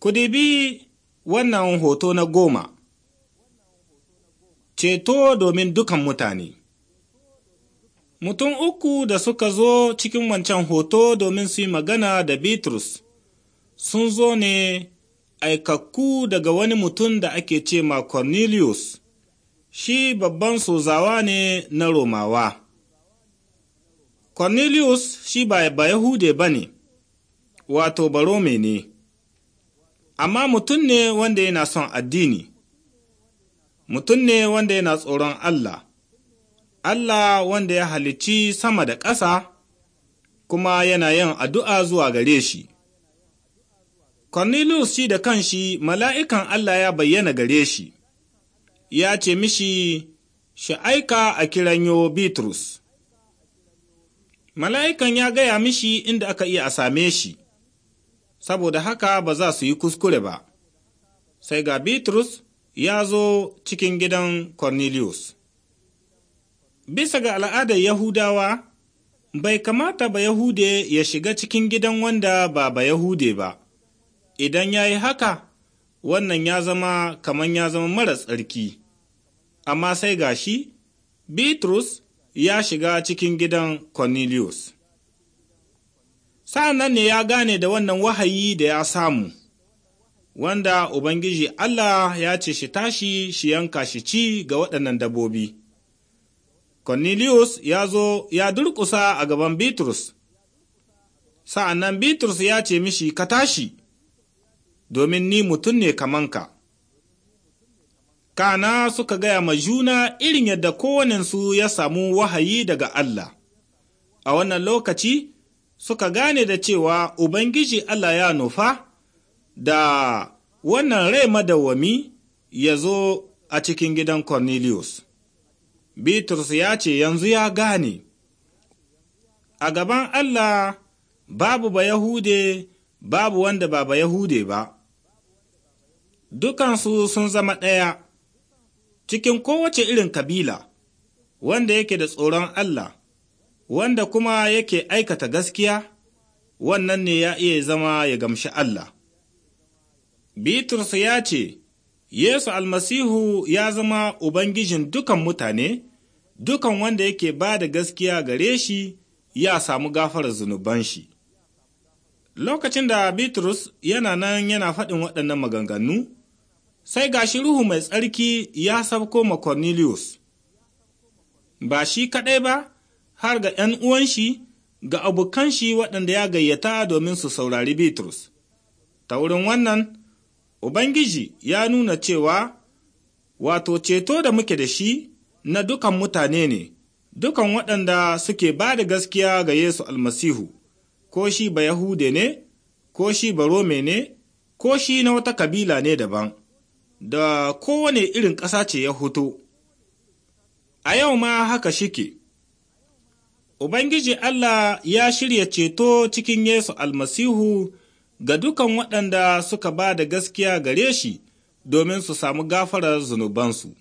Ku dibi wannan hoto na goma, ceto domin dukan mutane. Mutum uku da suka zo cikin wancan hoto domin su yi magana da Bitrus sun zo ne aikakku daga wani mutum da ake ce ma Cornelius, shi babban sozawa ne na Romawa. Cornelius shi ba Yahude ba ne, wato Barome ne. amma mutum ne wanda yana son addini, mutum ne wanda yana tsoron Allah, Allah wanda ya halicci sama da ƙasa kuma yana yin addu'a zuwa gare shi. Cornelius shi da kanshi mala'ikan Allah ya bayyana gare shi, ya ce mishi, shi aika a kiranyo Bitrus. Mala'ikan ya gaya mishi inda aka iya a same shi. saboda haka ba za su yi kuskure ba. Sai ga Bitrus ya zo cikin gidan Cornelius. Bisa ga al'adar Yahudawa, bai kamata ba Yahude ya shiga cikin gidan wanda ba ba Yahude ba, idan ya yi haka, wannan ya zama kaman ya zama mara tsarki. Amma sai ga shi, Bitrus ya shiga cikin gidan Cornelius. sa'an nan ne ya gane da wannan wahayi da ya samu, wanda Ubangiji Allah ya ce shi tashi shi yanka shi ci ga waɗannan dabbobi. Cornelius ya zo ya durƙusa a gaban Bitrus, sa'an nan Bitrus ya ce mishi ka tashi, domin ni mutum ne kamanka. Kana suka gaya ma juna irin yadda kowanensu ya samu wahayi daga Allah. A wannan lokaci, suka gane da cewa Ubangiji Allah ya nufa da wannan rai madawwami ya zo a cikin gidan Cornelius. Bitrus ya ce yanzu ya gane, a gaban Allah babu ba Yahude babu wanda ba ba Yahude ba, dukansu sun zama ɗaya cikin kowace irin kabila wanda yake da tsoron Allah. wanda kuma yake aikata gaskiya, wannan ne ya iya zama ya gamshi Allah. Bitrus ya ce, Yesu almasihu ya zama Ubangijin dukan mutane, dukan wanda yake ba da gaskiya gare shi ya samu gafarar zunuban shi. Lokacin da Bitrus yana nan yana faɗin waɗannan maganganu, sai gashi Ruhu mai tsarki ya sabko ma Cornelius. Ba shi kaɗai ba, har ga ’yan uwanshi ga abokan shi waɗanda ya gayyata domin su saurari Bitrus. Ta wurin wannan, Ubangiji ya nuna cewa, wato ceto da muke da shi na dukan mutane ne, dukan waɗanda suke ba da gaskiya ga Yesu almasihu, ko shi ba Yahude ne, ko shi ba Rome ne, ko shi na wata kabila ne daban, da kowane irin ƙasa ce ya hoto. A yau ma haka shike. Ubangiji Allah ya shirya ceto cikin Yesu almasihu ga dukan waɗanda suka ba da gaskiya gare shi domin su samu gafarar zunubansu.